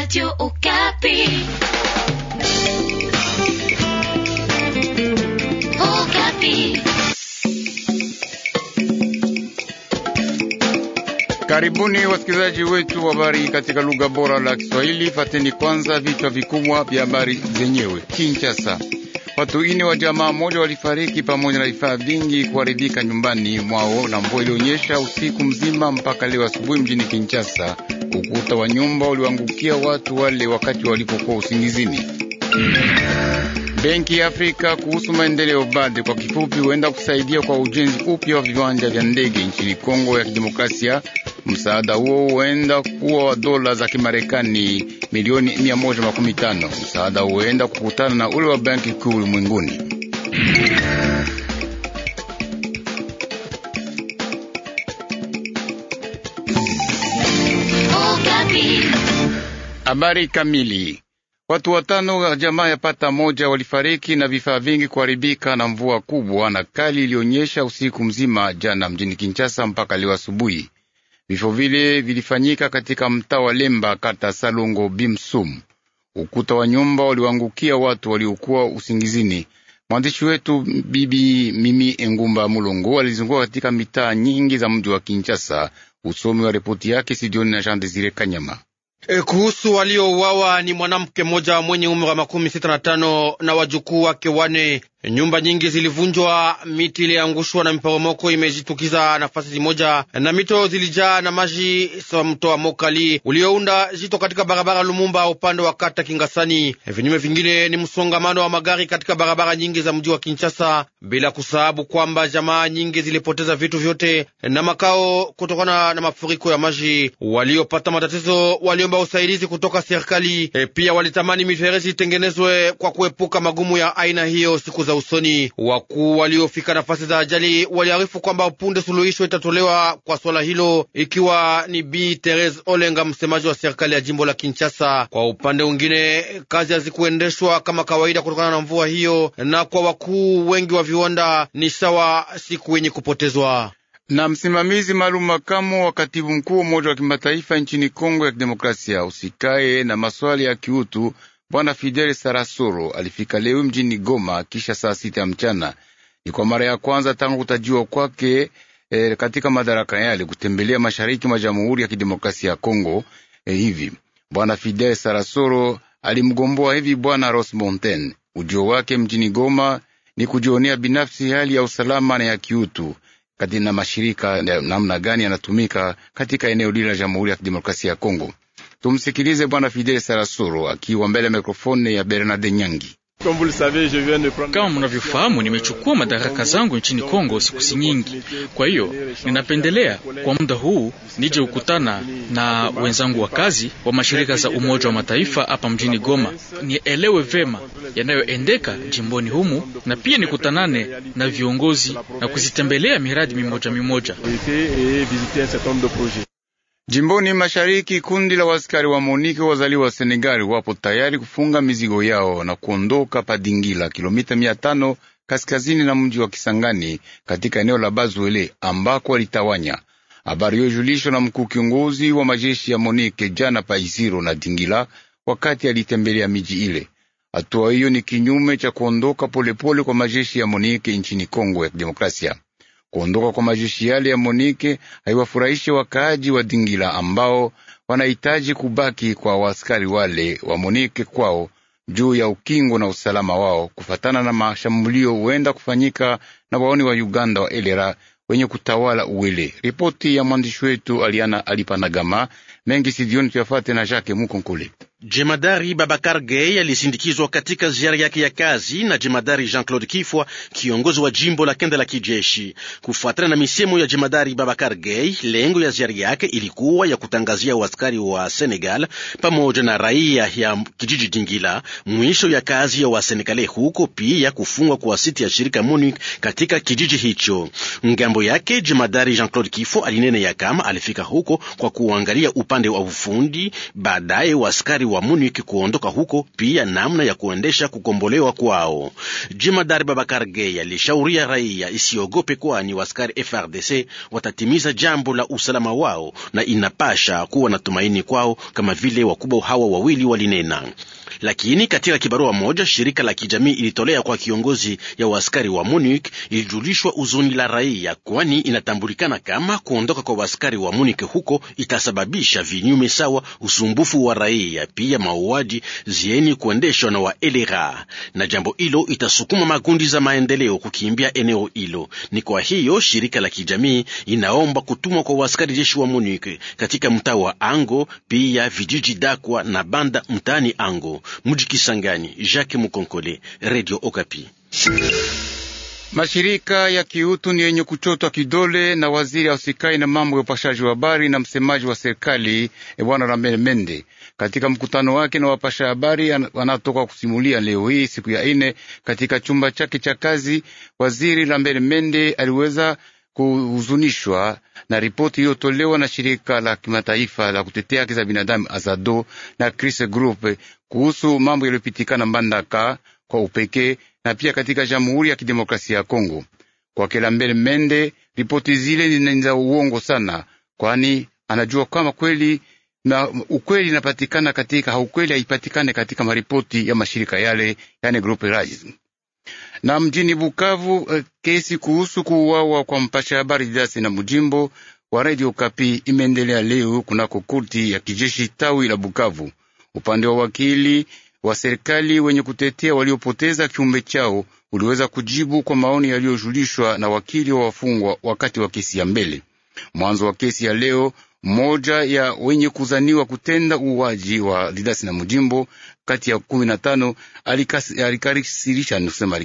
Radio Okapi. Okapi. Karibuni wasikilizaji wetu wa habari katika lugha bora la Kiswahili. Fateni kwanza vichwa vikubwa vya habari zenyewe. Kinshasa. Watu ine wa jamaa moja walifariki pamoja na vifaa vingi kuharibika nyumbani mwao na mvua ilionyesha usiku mzima mpaka leo asubuhi mjini Kinshasa. Ukuta wa nyumba uliwaangukia watu wale wakati walipokuwa usingizini. Benki ya Afrika kuhusu maendeleo BAD kwa kifupi huenda kusaidia kwa ujenzi upya wa viwanja vya ndege nchini Kongo ya Kidemokrasia Msaada huo huenda kuwa wa dola za Kimarekani milioni 115. Msaada huenda kukutana na ule wa Benki Kuu ulimwenguni. Habari kamili. Watu watano wa jamaa ya pata moja walifariki na vifaa vingi kuharibika na mvua kubwa na kali iliyonyesha usiku mzima jana mjini Kinshasa mpaka leo asubuhi. Vifo vile vilifanyika katika mtaa wa Lemba, kata Salongo Bimsum. Ukuta wa nyumba uliwangukia watu waliokuwa usingizini. Mwandishi wetu bibi Mimi Engumba Mulongo alizunguka katika mitaa nyingi za mji wa Kinshasa. Usomi wa ripoti yake Sidioni na Jean Desire Kanyama. E, kuhusu waliouawa ni mwanamke mmoja mwenye umri wa makumi sita na tano na wajukuu wake wane. Nyumba nyingi zilivunjwa, miti iliangushwa na miporomoko imejitukiza nafasi zimoja, na mito zilijaa na maji sawa mto wa Mokali uliounda jito katika barabara Lumumba upande wa kata Kingasani. Vinyume vingine ni msongamano wa magari katika barabara nyingi za mji wa Kinshasa, bila kusahabu kwamba jamaa nyingi zilipoteza vitu vyote na makao kutokana na mafuriko ya maji. Waliopata matatizo waliomba usaidizi kutoka serikali, e, pia walitamani mifereji itengenezwe kwa kuepuka magumu ya aina hiyo siku za za usoni. Wakuu waliofika nafasi za ajali waliarifu kwamba punde suluhisho itatolewa kwa swala hilo, ikiwa ni Bi Therese Olenga, msemaji wa serikali ya jimbo la Kinshasa. Kwa upande mwingine, kazi hazikuendeshwa kama kawaida kutokana na mvua hiyo, na kwa wakuu wengi wa viwanda ni sawa siku yenye kupotezwa na msimamizi maalum makamu wa katibu mkuu wa Umoja wa Kimataifa nchini Kongo ya Kidemokrasia usikaye na maswali ya kiutu Bwana Fidel Sarasoro alifika leo mjini Goma kisha saa sita ya mchana. Ni kwa mara ya kwanza tangu kutajiwa kwake e, katika madaraka yale kutembelea mashariki mwa Jamhuri ya Kidemokrasia ya Kongo. E, hivi Bwana Fidel Sarasoro alimgomboa hivi Bwana Ros Monten. Ujio wake mjini Goma ni kujionea binafsi hali ya usalama na ya kiutu na mashirika namna gani yanatumika katika eneo lile la Jamhuri ya Kidemokrasia ya Kongo. Tumsikilize Bwana Fidel sarasuru akiwa mbele ya mikrofoni ya Bernard Nyangi. Kama mnavyofahamu, nimechukua madaraka zangu nchini Kongo siku si nyingi. Kwa hiyo ninapendelea kwa muda huu nije kukutana na wenzangu wa kazi wa mashirika za Umoja wa Mataifa hapa mjini Goma, nielewe vema yanayoendeka jimboni humu, na pia nikutanane na viongozi na kuzitembelea miradi mimoja mimoja. Jimboni mashariki kundi la waskari wa monike wazaliwa wa Senegali wapo tayari kufunga mizigo yao na kuondoka Padingila, kilomita mia tano kaskazini na mji wa Kisangani, katika eneo la Bazwele ambako walitawanya. Habari hiyo na mkuu kiongozi wa majeshi ya Monike jana Paisiro na Dingila wakati alitembelea miji ile. Hatua hiyo ni kinyume cha kuondoka polepole pole kwa majeshi ya Monike nchini Kongo ya Kidemokrasia. Kuondoka kwa majeshi yale ya Monike haiwafurahishe wakaaji wa Dingila ambao wanahitaji kubaki kwa waaskari wale wa Monike kwao juu ya ukingo na usalama wao, kufatana na mashambulio huenda kufanyika na waoni wa Uganda wa elera wenye kutawala Uwele. Ripoti ya mwandishi wetu Aliana Alipanagama mengi sidioni tuyafate na Jacques Mukonkole. Jemadari Babakar Gay alisindikizwa katika ziara yake ya kazi na jemadari Jean-Claude Kifwa, kiongozi wa jimbo la kenda la kijeshi. Kufuatana na misemo ya jemadari Babakar Gay, lengo ya ziara yake ilikuwa ya kutangazia waskari wa Senegal pamoja na raia ya kijiji Dingila mwisho ya kazi ya Wasenegale huko, pia kufungwa kwa siti ya shirika MONUC katika kijiji hicho. Ngambo yake, jemadari Jean-Claude Kifwa alinene ya kama alifika huko kwa kuangalia upande wa ufundi, baadaye waskari wa wa Munich kuondoka huko, pia namna ya kuendesha kukombolewa kwao. Jimadari Babakar Gay alishauria raia isiogope, kwani waskari FRDC watatimiza jambo la usalama wao, na inapasha kuwa na tumaini kwao kama vile wakubwa hawa wawili walinena. Lakini katika kibarua moja shirika la kijamii ilitolea kwa kiongozi ya waskari wa MONUC ilijulishwa uzuni la raia, kwani inatambulikana kama kuondoka kwa waskari wa MONUC huko itasababisha vinyume sawa usumbufu wa raia, pia mauaji zieni kuendeshwa na waelera, na jambo hilo itasukuma makundi za maendeleo kukimbia eneo hilo. Ni kwa hiyo shirika la kijamii inaomba kutumwa kwa waskari jeshi wa MONUC katika mtaa wa Ango, pia vijiji Dakwa na Banda mtaani Ango. Butembo. Kisangani, Jacques Mukonkole, Radio Okapi. Mashirika ya kiutu ni yenye kuchotwa kidole na waziri ausikai na mambo ya upashaji wa habari na msemaji wa serikali bwana Ramel Mende katika mkutano wake na wapasha habari wanatoka kusimulia leo hii siku ya ine katika chumba chake cha kazi, waziri Lambert Mende aliweza kuhuzunishwa na ripoti iliyotolewa na shirika la kimataifa la kutetea haki za binadamu Azado na Cris Group kuhusu mambo yaliyopitikana Mbandaka kwa upekee na pia katika Jamhuri ya Kidemokrasia ya Kongo. Kwa Kelambele Mende, ripoti zile ni uongo sana, kwani anajua kama kweli na ukweli inapatikana katika haukweli haipatikane katika maripoti ya mashirika yale, yani Group Rise. Na mjini Bukavu, eh, kesi kuhusu kuuawa kwa mpasha habari Didasi na Mujimbo wa Radio Kapi imeendelea leo kunako korti ya kijeshi tawi la Bukavu. Upande wa wakili wa serikali wenye kutetea waliopoteza kiumbe chao uliweza kujibu kwa maoni yaliyojulishwa na wakili wa wafungwa wakati wa kesi ya mbele. Mwanzo wa kesi ya leo, mmoja ya wenye kuzaniwa kutenda uuaji wa Didasi na Mujimbo kati ya kumi na tano alikasirisha nikusema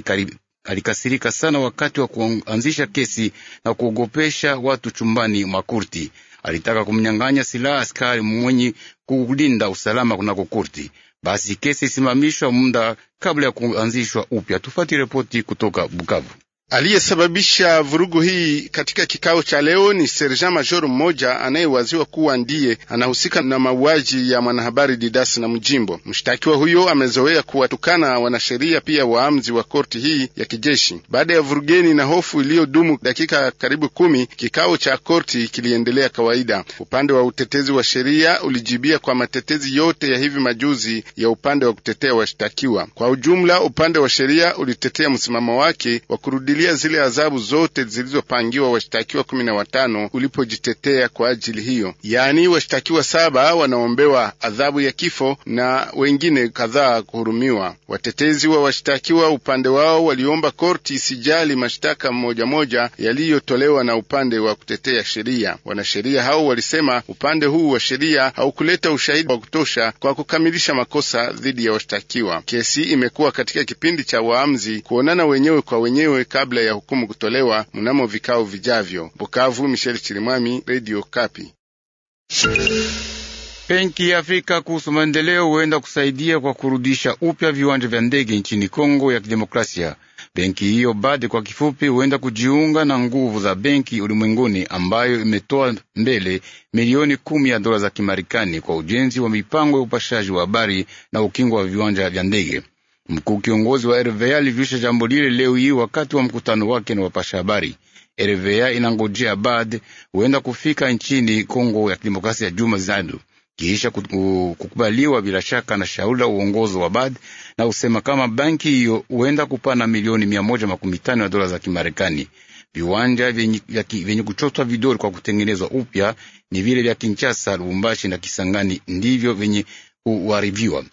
alikasirika sana wakati wa kuanzisha kesi na kuogopesha watu chumbani mwa kurti. Alitaka kumnyang'anya silaha askari mwenye kulinda usalama kunako kurti. Basi kesi isimamishwa muda kabla ya kuanzishwa upya. Tufati ripoti kutoka Bukavu. Aliyesababisha vurugu hii katika kikao cha leo ni serjan major mmoja anayewaziwa kuwa ndiye anahusika na mauaji ya mwanahabari Didas na Mjimbo. Mshtakiwa huyo amezoea kuwatukana wanasheria pia waamzi wa korti hii ya kijeshi. Baada ya vurugeni na hofu iliyodumu dakika karibu kumi, kikao cha korti kiliendelea kawaida. Upande wa utetezi wa sheria ulijibia kwa matetezi yote ya hivi majuzi ya upande wa kutetea washtakiwa. Kwa ujumla, upande wa sheria ulitetea msimamo wake wa kurudi kufuatilia zile adhabu zote zilizopangiwa washtakiwa kumi na watano ulipojitetea kwa ajili hiyo, yaani washtakiwa saba wanaombewa adhabu ya kifo na wengine kadhaa kuhurumiwa. Watetezi wa washtakiwa upande wao waliomba korti isijali mashtaka moja moja yaliyotolewa na upande wa kutetea sheria. Wanasheria hao walisema upande huu wa sheria haukuleta ushahidi wa kutosha kwa kukamilisha makosa dhidi ya washtakiwa. Kesi imekuwa katika kipindi cha waamzi kuonana wenyewe kwa wenyewe kabla kabla ya hukumu kutolewa mnamo vikao vijavyo. Bukavu, Michel Chirimwami, Radio Kapi. Benki ya Afrika kuhusu maendeleo huenda kusaidia kwa kurudisha upya viwanja vya ndege nchini Kongo ya Kidemokrasia. Benki hiyo BAD kwa kifupi huenda kujiunga na nguvu za benki ulimwenguni ambayo imetoa mbele milioni kumi ya dola za Kimarekani kwa ujenzi wa mipango ya upashaji wa habari na ukingo wa viwanja vya ndege. Mkuu kiongozi wa RVA alivyusha jambo lile leo hii wakati wa mkutano wake na wapasha habari. RVA inangojea BAD huenda kufika nchini Kongo ya Kidemokrasia ya juma zinadu kiisha kukubaliwa bila shaka na shauri la uongozo wa BAD na usema kama banki hiyo huenda kupana milioni mia moja makumi tano ya dola za Kimarekani. Viwanja vyenye kuchotwa vidori kwa kutengenezwa upya ni vile vya Kinshasa, Lubumbashi na Kisangani ndivyo vyenye kuharibiwa.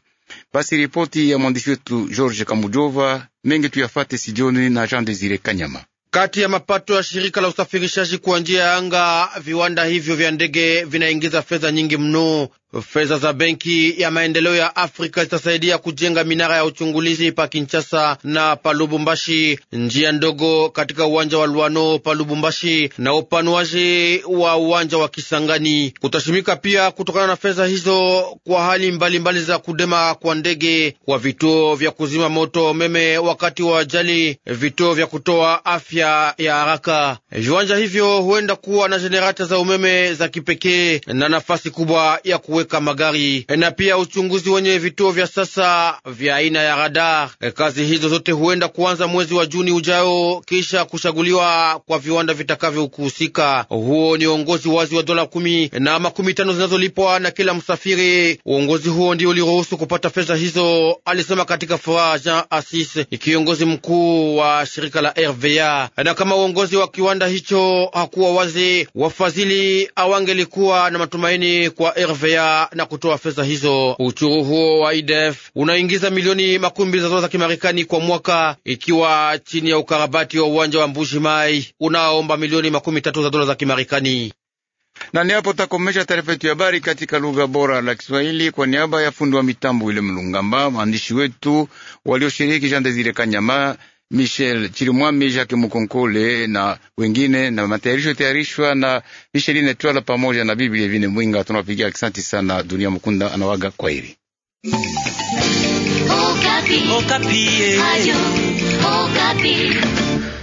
Basi ripoti ya mwandishi wetu George Kamujova, mengi tuyafate sijioni na Jean Desire Kanyama. Kati ya mapato ya shirika la usafirishaji kwa njia ya anga, viwanda hivyo vya ndege vinaingiza fedha nyingi mno. Fedha za Benki ya Maendeleo ya Afrika zitasaidia kujenga minara ya uchungulizi pa Kinshasa na pa Lubumbashi, njia ndogo katika uwanja wa Luano pa Lubumbashi na upanuaji wa uwanja wa Kisangani. Kutashimika pia kutokana na fedha hizo kwa hali mbalimbali mbali za kudema kwa ndege, kwa vituo vya kuzima moto umeme wakati wa ajali, vituo vya kutoa afya ya haraka. Viwanja hivyo huenda kuwa na jenerata za umeme za kipekee na nafasi kubwa ya kuweka magari na pia uchunguzi wenye vituo vya sasa vya aina ya radar. Kazi hizo zote huenda kuanza mwezi wa Juni ujao kisha kushaguliwa kwa viwanda vitakavyokuhusika. Huo ni uongozi wazi wa dola kumi na makumi tano zinazolipwa na kila msafiri. Uongozi huo ndio uliruhusu kupata fedha hizo, alisema katika furaha Jean Assis, kiongozi mkuu wa shirika la RVA. Na kama uongozi wa kiwanda hicho hakuwa wazi, wafadhili awangelikuwa na matumaini kwa RVA na kutoa fedha hizo. Uchuru huo wa IDF unaingiza milioni makumi mbili za dola za Kimarekani kwa mwaka, ikiwa chini ya ukarabati wa uwanja wa mbushi Mai unaomba milioni makumi tatu za dola za Kimarekani na hapo takomesha taarifa yetu ya habari katika lugha bora la Kiswahili kwa niaba ya fundi wa mitambo ile Mlungamba, mwandishi wetu walioshiriki Jean Desire Kanyama Michel Chirimwami, Jacques Mukonkole na wengine, na matayarisho tayarishwa na Micheline Twala pamoja na Biblia vine Mwinga. Tunawapigia asante sana. Dunia Mukunda anawaga hili Okapi. Okapi. Eh.